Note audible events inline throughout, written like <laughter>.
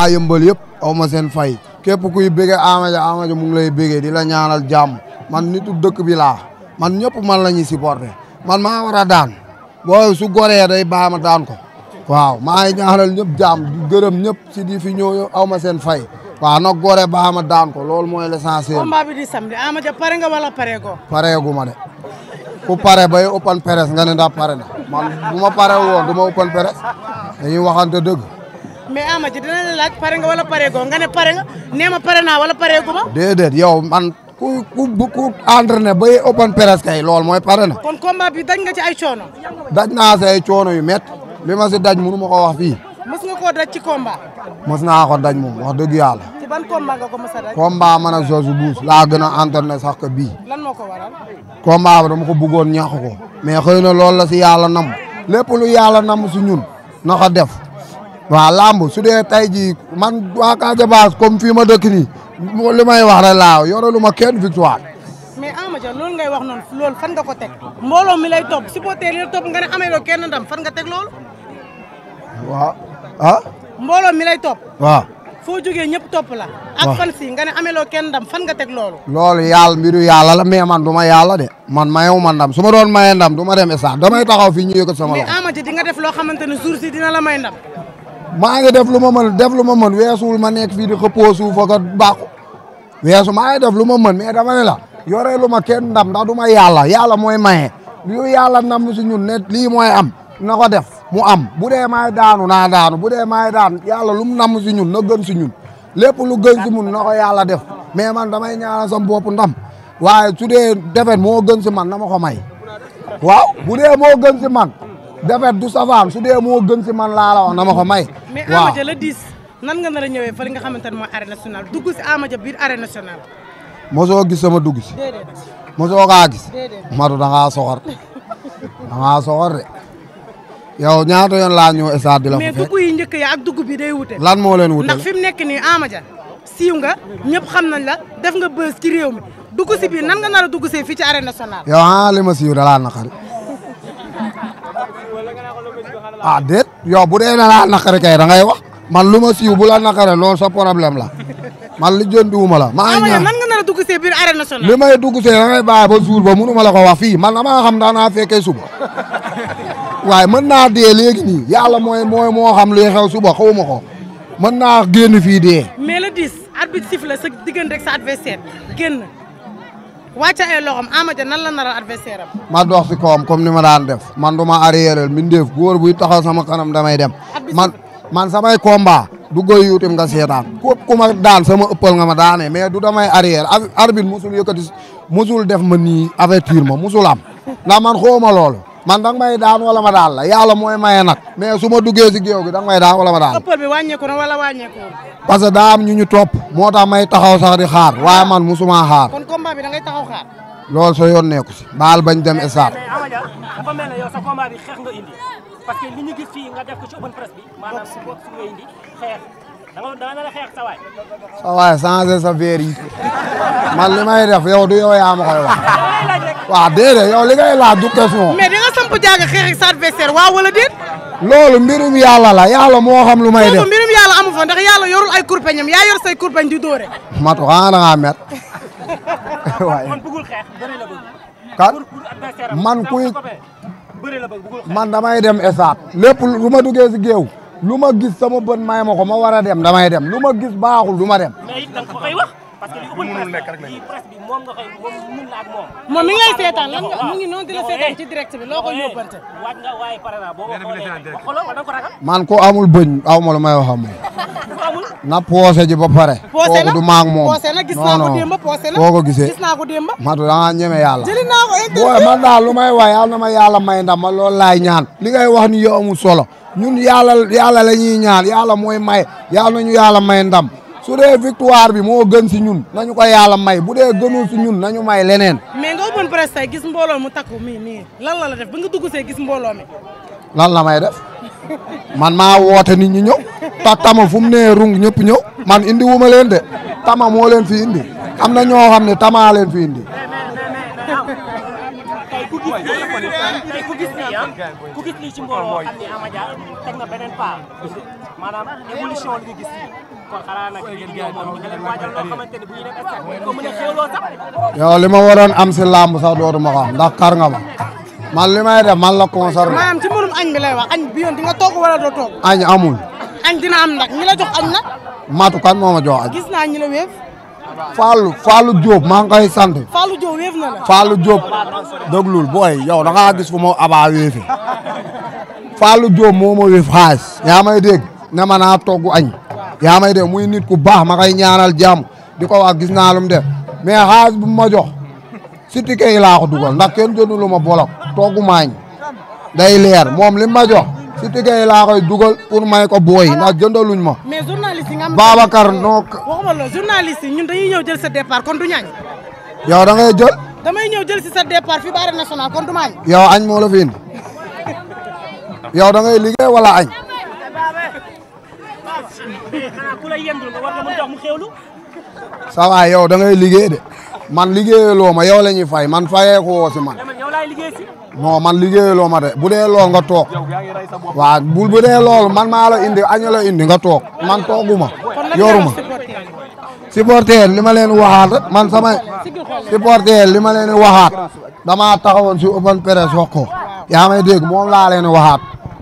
waa yëmbal yëpp aw ma seen fay képp kuy bége Ama Ama mu ngi lay bégee di la ñaanal jàmm man nitu dëkk bi laa man ñëpp man la ñuy supporter man ma war a daan boo su goree day baama daan ko waaw maa ngi ñaanal ñëpp jàmm di gërëm ñëpp si di fi ñëw aw ma seen fay waaw nag gore baama daan ko loolu mooy l'essentiel. combat bi di samedi Ama Dia pare nga wala ma de ku pare bay open press nga ne ndax pare na man bu pare woon du ma open press dañuy dëgg. mais Ama ji dina la laaj pare nga wala pare goo nga ne pare nga nee ma pare ma. déedéet yow man ku ku ku entraîné bay open press kay lool mooy pare kon combat bi daj nga ci ay coono. daj naa si ay coono yu métti li ma si daj mënu ma ko wax fii. mës nga koo daj ci combat. mës naa ko daj moom wax dëgg yàlla. ci ban combat nga a daj. combat Buus laa gën a entraîné sax ko bii. lan moo ko waral. combat bi dama ko bëggoon ñàkk ko. mais xëy la si yàlla nam lépp lu yàlla nam si ñun na ko def. waaw làmb su dee tey jii man waa Casamance comme fii ma dëkk nii li may wax rek laaw yorelu ma kenn victoire. mais Ama Dia loolu ngay wax noonu loolu fan nga ko teg mbooloo mi lay topp supporter yi lay nga ne ameeloo kenn ndam fan nga teg loolu. waaw ah. mbooloo mi la. ak fan si nga ne ameloo kenn ndam fan nga teg loolu. loolu yàlla mbiru yàlla la mais man du ma yàlla de man mayewu ma ndam su ma doon maye ndam du ma dem stade damay taxaw fii ñu yëkkat sama loxo. mais Ama Dia def loo xamante ne si dina la may ndam. maa ngi def lu ma mën def lu ma mën weesuwul ma nekk fii di xëppoo suuf ak a bàqu weesu maa ngi def lu ma mën mais dama ne la yoree lu ma kenn ndam ndax du ma yàlla yàlla mooy maye yu yàlla ndam si ñun ne lii mooy am na ko def mu am bu dee maay daanu naa daanu bu dee maay daan yàlla lu mu namm si ñun na gën si ñun lépp lu gën si mun na ko yàlla def mais man damay ñaanal sam bopp ndam waaye su dee defet moo gën si man na ma ko may waaw bu dee moo gën man defet du safaan su dee moo gën si man laa la wax na ma ko may. waaw mais Ama Dia nan nga nar a ñëwee fa li nga xamante ne mooy si Ama Dia biir arène nationale. mosoo gis sama dugg si. déedéet mosoo kaa gis. déedéet Madu da ngaa soxor de. yow ñaata yoon laa ñëw stade di la ko fekk yi njëkk ak dugg bi wute. lan moo leen wute ndax fi mu siiw nga ñëpp xam nañ la def nga bës ci réew mi dugg si biir nan nga nar a dugg see fii ci arène ah déet yow bu dee na laa naqari kay da ngay wax man lu ma siiw bu la naqare loolu sa problème la man li jëndiwuma la. maa ngi ñaan man nga nar dugg see biir arène nationale. ba jour ba mënu ma la ko wax fii man maa xam daan naa fekke suba waaye mën naa dee léegi nii yàlla mooy mooy moo xam luy xew suba xaw ko mën naa génn fii dee. wàcce ay loxoom Ama Dia nan la naral adversaire am. ma dox si kawam ni ma daan def man du ma arrière mindeef góor buy taxaw sama kanam damay dem. man man samay combat du goy yuutim nga seetaan képp ku ma daan sama ëppal nga ma daane mais du damay arrière arbitre musul yëkkati musul def ma nii avertir ma musul am ndax man xooma lool man danga may daan wala ma daan la yàlla mooy maye nag mais su ma duggee si géew gi danga may daan wala ma daan. parce que daa am ñu ñu topp moo tax may taxaw sax di xaar waaye man musuma xaar. xaar. loolu soo yoon nekku si. baal bañ dem stade. mais sa waay changé sa verre man li def yow du yow yaa koy wax <laughs> waaw déedéet yow li ngay laaj du question. mais da nga jaaga xeex sa adversaire waaw wala déet. loolu mbirum yàlla la yàlla moo xam lu may def mbirum yàlla amu fa ndax yàlla yorul ay kurpeñam yaa yor say kurpeñ di dóore. matu xanaa da ngaa mer <laughs> man kuy man damay dem esaat lépp lu ma duggee si géew. lu ma gis sama bët may ma ko ma war a dem damay dem lu ma gis baaxul du ma dem. parce que li ëpp moom ko man ko amul bëñ aw ma lu may wax moom. na poosé ji du maag moom poosé la gis naa ko gisee gis naa ko démb. ñeme yàlla. jëli naa ko interview man daal may wax na ma yàlla may ndam ma loolu laay ñaan. li ngay wax ni yow amul solo ñun yàlla yàlla ñuy ñaan yàlla mooy may yàlla nañu yàlla may ndam su dee victoire bi moo gën si ñun nañu ko yàlla may bu dee gënul si ñun nañu may leneen. mais nga open presse tey gis mbooloo mu takku mi nii lan la la def ba nga dugg see gis mbooloo lan la may def man maa woote ni ñu ñëw ta tama fu mu nee rung ñëpp ñëw man indi wu ma leen de tama moo leen fi indi am na ñoo xam ne tamaa leen fi indi. ku li ñu gis nii kon xanaa nag li a xéewloo ma waroon am si làmb sax dootuma ko am ndax nga ma man li may def man la concerné. maanaam ci mbirum añ bi lay añ bi di nga toog wala doo añ amul. añ dina am nag ñi la añ nag. matu kan moo ma añ. gis naa ñi la wéef. Fallou Fallou Diop maa ngi koy sant. Fallou Diop wéef na la. booy yow da ngaa gis fu ma abaa wéefe Fallou Diop moo ma wéef xaalis. yaa may dégg ne ma naa togg añ. yaa may dégg muy nit ku baax ma koy ñaanal jàmm di ko wax gis naa lu mu def mais xaalis bu ma jox si tike yi laa ko dugal ndax lu ma bolok togg maañ day leer moom li ma jox. si liggéey laa koy dugal pour may ko booy ndax jëndaluñ ma. mais journaliste yi nga am. Babacar non. ñëw jël sa départ kon du ñaañ. yow da ngay jël. damay añ. yow añ moo la fi indi yow añ. ça va yow da ngay de man liggéeyaloo ma yow la ñuy fay man fayee ko si man. non man liggéeyaloo ma de bu dee lool nga toog waaw bu bu dee lool man maa la indi aña la indi nga toog man tooguma yoruma supporter li ma leen waxaat rek man samay supporter li ma leen waxaat damaa taxawoon si open press wax ko yaa may dégg moom laa leen waxaat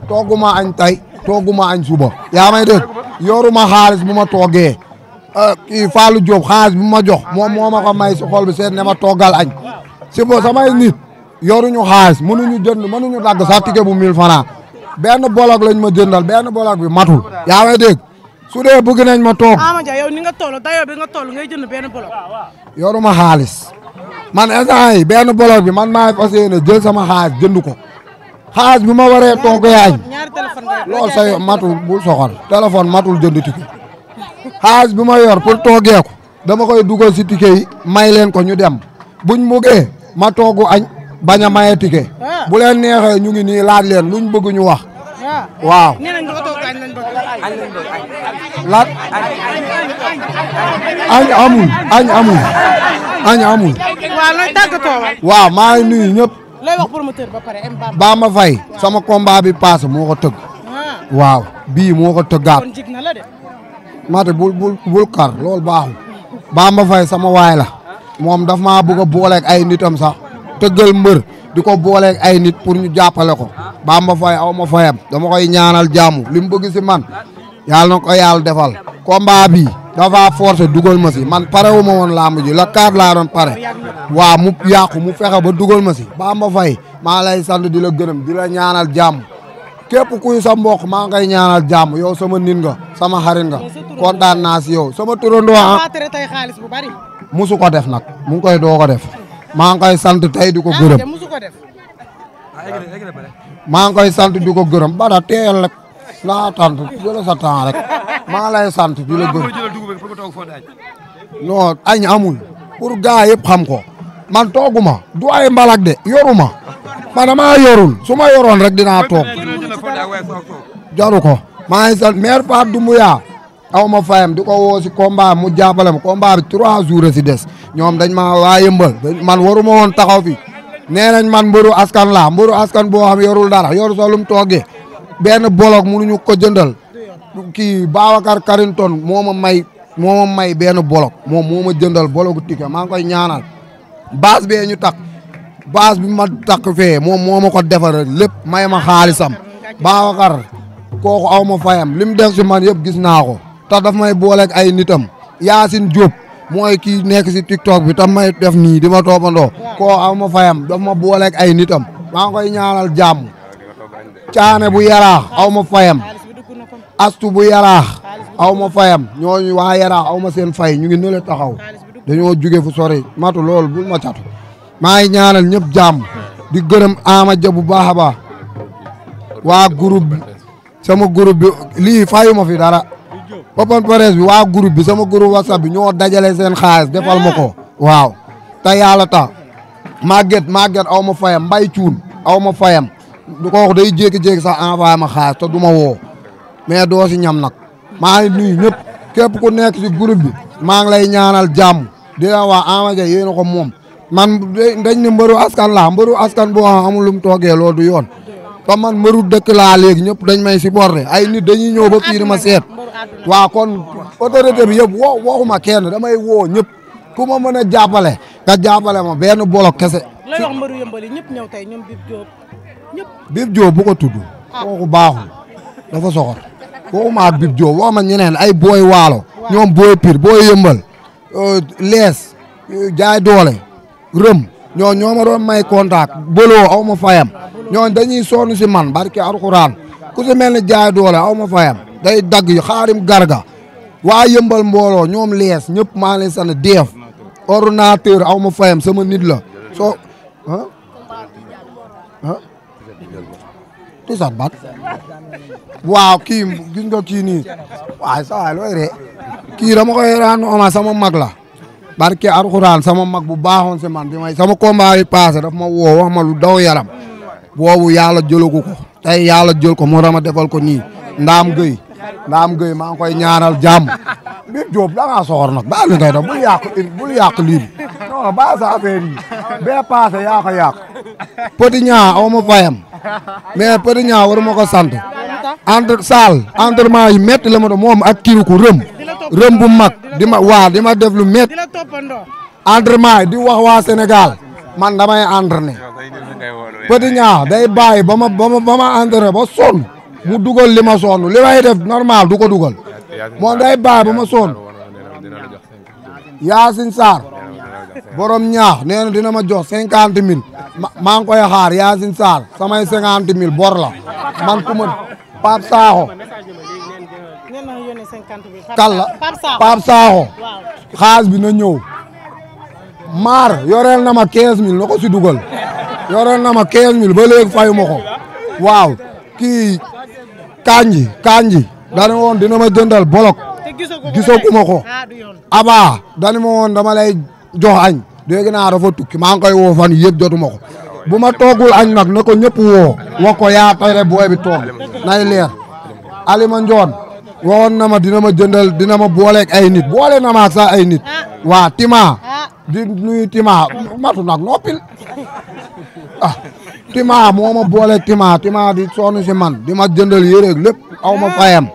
tooguma añ tey tooguma añ suba yaa may dégg yoruma xaalis bu ma toogee euh, kii Fallou Diop xaalis bu ma jox moom moo ma ko may si xol bi seet ne ma toogal añ si samay nit yoruñu xaalis mënuñu jënd mënuñu dagg sax ticket bu 1000 francs benn bolok lañ ma jëndal benn bolok bi matul. yaa ngi dégg su dee bëgg nañ ma toog. Ama Dia yow ni nga toll dayoo bi nga toll ngay jënd benn bolok. yoruma xaalis man instant yi benn bolok bi man maa ngi fas yéene jël sama xaalis jënd ko xaalis bi ma waree toog yaañ loolu say matul bul soxal téléphone matul jënd ticket xaalis bi ma yor pour toogee dama koy dugal si ticket may leen ko ñu dem buñ mugee ma toogu añ. bañ a maye ticket. Ah. bu leen neexee ñu ngi nii laaj leen luñ bëgg wax. Ah. waaw. laaj. añ amul añ amul. waaw maa ngi nuyu ñëpp. looy wax ba pare Bamba Faye sama combat bi paas moo ko tëgg. Ah. waaw bii moo ko tëggaat. mate bul bul bul kar loolu baaxul. Bamba Faye sama waay la. moom daf maa bëgg a ay nitam sax. tëggal mbër di ko booleeg ay nit pour ñu jàppale ko Bamba Faye aw ma fayam dama koy ñaanal jàmm li mu bëgg si man yàlla na ko yàlla defal combat bi dafa forcé dugal ma si man pare wu ma woon làmb ji la kaat laa doon pare waaw mu yàqu mu fexe ba dugal ma si Bamba Faye maa lay sant di la gërëm di la ñaanal jàmm képp kuy sa mbokk maa ngay ñaanal jàmm yow sama nit nga sama xarit nga kontaan naa si yow sama turandoo ah musu ko def nag mu ngi koy doo ko def maa ngi koy sant tey di ko ah, gërëm ah, maa ngi koy sant di ko gërëm bada teeyal rek naa tant jëla sa rek maa lay sant di la gërëm non añ amul pour gaa yëpp xam ko man tooguma du ay mbalak de yoruma ma dama yorul su ma yoroon rek dinaa toog jaru ko maa ngi sant maire Pape Doumbouya aw ma fayam di ko woo si combat mu jàppale ma combat bi trois jours si des ñoom dañ ma waa yëmbal man waruma woon taxaw fi nee man mbëru askan la mbëru askan boo xam yorul dara yoru soo lum toogee benn bolog mënuñu ko jëndal kii Babacar Karinton moo ma may moo may benn bolog moom moo ma jëndal bologu maa ngi koy ñaanal base bee ñu tak base bi ma tak fee moom ma ko defar lépp may ma xaalisam Babacar kooku aw ma fayam li mu def si man yëpp gis naa ko tax daf may booleeg ay nitam Yaasin Diop mooy kii nekk si TikTok bi tam may def nii di ma toppandoo koo am ma fayam daf ma booleeg ay nitam maa ngi koy ñaanal jàmm caane bu yaraax aw ma fayam astu bu yaraax aw ma fayam ñoo waa yaraax aw ma seen fay ñu ngi nële taxaw dañoo juge fu sori matu lool bul ma catu maa ngi ñaanal ñëpp jàmm di gërëm ama ja bu baax a baax waa groupe bi sama groupe lii fayu ma fi dara open presse bi waa groupe bi sama groupe whatsapp bi ñoo dajale seen xaalis defal ma ko. waaw te yàlla tax màgget màgget aw ma fayam mbay cuun aw ma fayam du ko wax day jékki-jékki sax envoyé ma xaalis te du ma woo mais doo ñam nag maa ngi ñëpp képp ku nekk si groupe bi maa ngi lay ñaanal jàmm di la waa Ama yéen a ko moom. man dañ ne mbëru askan laa mbëru askan boo xam amul lu mu toogee loolu du yoon te man mbëru dëkk laa léegi ñëpp dañ may supporté ay nit dañuy ñëw ba waaw kon autorité bi yëpp woo waxuma kenn damay woo ñëpp ku ma mën a jàppale nga jàppale ma benn bolok kese. lay wax mbaru yëmbal yi ñëpp ñëw tey ñoom Bib Diop ñëpp. Bib Diop bu ko tudd. Ah. kooku baaxul dafa soxor. waxuma ak Bib Diop waxuma ñeneen ay booy waalo. ñoom booy pir booy yëmbal. Euh, lees euh, jaay doole rëm ñoo ñoo ma doon may contact bëloo aw ma fayam ah, ñoo dañuy sonn si man barki alxuraan ku si mel ni jaay doole aw ma fayam day dagg yu xaarim garga waa yëmbal mbooloo ñoom lees ñëpp maa ngi leen sant deef ordinateur aw ma fayam sama nit la soo ah ah tisat bat waaw kii gis nga kii nii waaye sa waay looy ree sama mag la barke alxuraan sama mag bu baaxoon si man bi may sama combat yi passé daf ma woo wax ma lu daw yaram boobu yàlla jëlagu ko tey yàlla jël ko mo rama defal ko nii ndaam gëy Naam Gueye maa koy ñaanal jàmm Bib Diop da ngaa soxor nag baal li ngay def bul yàq bul yàq lii bi non ba sa bee paase yaa ko yàq Petit Niang ma fayam mais Petit Niang waruma ko sant entre salle entraînement yi métti la ma doon moom ak kiriku rëm rëm bu mag di ma waa di ma def lu métti entraînement di wax waa Sénégal man damay entraîné Petit Niang day bàyyi ba ma ba ma ba ma mu dugal li ma sonn li may def normal du ko dugal moom day bàyyi ba ma sonn Yaasin Sarr borom ñaax nee na dina ma jox cinquante mille maa ngi koy xaar Yaasin Sarr samay cinquante mille bor la man ku ma Pape Sakho kalla Pape Sakho xaalis bi na ñëw maar yoreel na ma quinze mille na ko dugal yoreel na ma quinze mille ba fayu ma ko waaw kii kanji kanji dani ma woon dina ma jëndal bolok gisaguma ko ah, abaa dani ma woon dama lay jox añ léegi naa dafa tukki maa ngi koy woo fan yëpp jotuma ko bu ma toogul añ nag na ko ñëpp woo wax ko yaa tey booy bi nay leer alima njoon waxoon na ma dina ma jëndal dina ma booleeg ay nit boole na ma ay nit ah. waa tima ah. di nuyu tima matu nag noppil tima moo ma boole tima tima di sonn si man di ma jëndal yére lépp aw ma fayam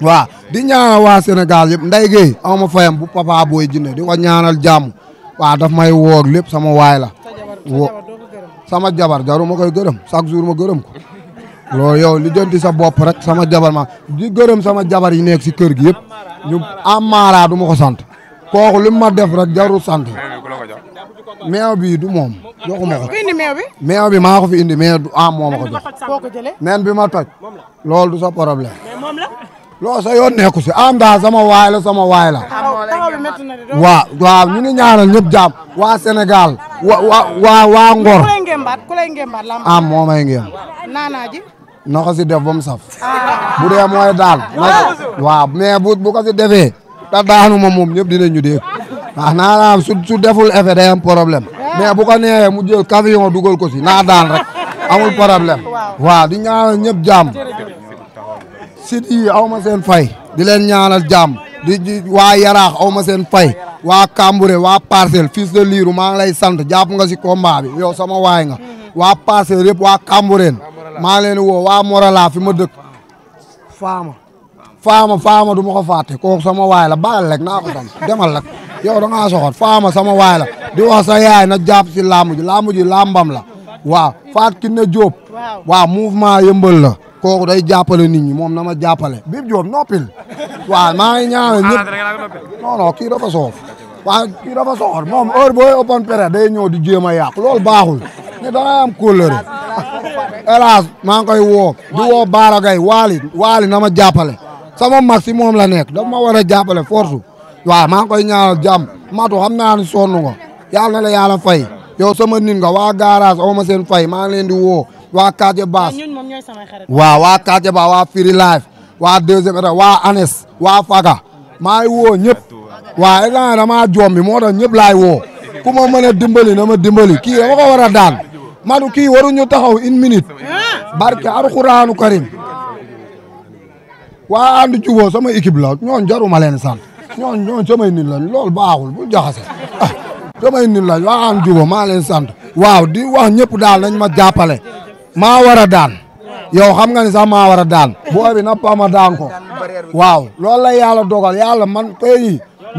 waa di ñaanal waa Sénégal yëpp nday géey aw ma fayam bu papa booy jinne di ko ñaanal jàmm waaw daf may woor lépp sama waay la wo sama jabar jaru ma koy gërëm chaque jour ma gërëm ko loolu yow li jënti sa bopp rek sama jabar ma di gërëm sama jabar yi nekk si kër gi yëpp ñu amaaraa du ma ko sant kooku li ma def rek jaru sant meew bii du moom joxuma ko. meew bi. meew bi maa ko fi indi meew du ah moom ko jox. foo bi ma toj. loolu du sa problème. mais moom yoon nekku si am daa sama waay la sama waay la. waaw waaw ñu ngi ñaanal waa Sénégal. wa waa Ngor. ah moom ay na ko si def ba saf. Ah. bu dee mooy daal. waaw mais bu bu ko si defee. da daanu ma moom ñëpp dinañu dégg. wax naa la su deful effet de am problème mais bu ko mu jël camion dugal ko si naa daan rek amul problème waaw di ñaanal ñëpp jàmm sit yi aw ma seen fay di leen ñaanal jàmm di waay waa yaraax aw ma seen fay waa Kambure waa parcelle fils de liiru maa lay sant jàpp nga si combat bi yow sama waay nga mm-hmm. waa parcelle yëpp waa Kambureen maa leen di woo waa Morala fi ma dëkk faama faama faama du ma ko fàtte kooku sama waay la baal naa ko sant demal rek yow da ngaa soxor faama sama waay la di wax sa yaay na jàpp si làmb ji làmb ji làmbam la waa Faat Kiné Diop waaw mouvement yëmbal la kooku day jàppale nit ñi moom na ma jàppale Bib Diop noppil waa maa ngi ñaanal ñëpp non non kii dafa soof waaw kii dafa soxor moom heure booy open presse day ñëw di jéem a yàq loolu baaxul ne da ngay am <laughs> maa ngi koy woo di woo Baara Gaye waali na ma jàppale sama mag moom la nekk daf ma war a jàppale force waaw maa ngi koy ñaanal jàmm matu xam naa ne sonn nga yàlla na la yàlla fay yow sama nit nga waa garage aw ma seen fay maa leen di woo waa quartier baas waaw waa quartier baas waa Free Life waa deuxième étage waa Anes waa Faga maa ngi woo ñëpp waaw état damaa joom bi moo tax ñëpp laay woo ku ma mën a dimbali na ma dimbali kii dama ko war a daan matu kii waruñu taxaw une minute ah! barke alxuraanu karim waa ànd juboo sama équipe la ñoon jaruma leen sant ñooñu ñooñu samay nit lañ loolu baaxul bu jaxase ah samay nit lañ waa am juba maa leen sant waaw di wax ñëpp daal nañ ma jàppale maa war a daan yow xam nga ni sax maa daan boo bi na pama daan ko waaw lool la yàlla dogal yàlla man tey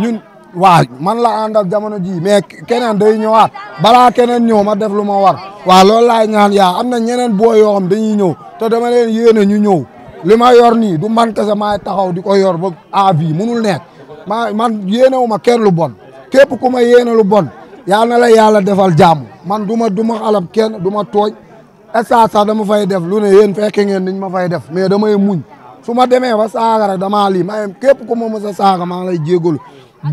ñun waaw man la àndal jamono ji mais keneen day ñëwaat balaa keneen ñëw ma def lu ma war waaw loolu laay ñaan yaa am na ñeneen boo yoo xam dañuy ñëw te dama leen yéene ñu ñëw li ma yor ni du man kese maay taxaw di ko yor ba avis munul nekk maa man yéenewuma kenn lu bon képp ku ma yéene lu bon yaa na la yàlla defal jàmm man du ma du ma xalab kenn du ma tooñ estat sax dama fay def lu ne yéen fekk ngeen niñ ma fay def mais damay muñ su ma demee ba saaga rek damaa lii ma képp ku ma mës a maa ngi lay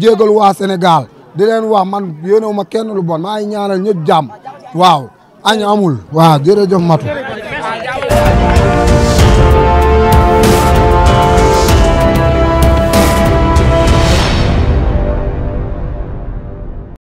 jégalu waa Sénégal di leen wax man yéenewuma kenn lu bon maa ngi ñaanal ñëpp jàmm waaw añ amul waaw jërëjëf matu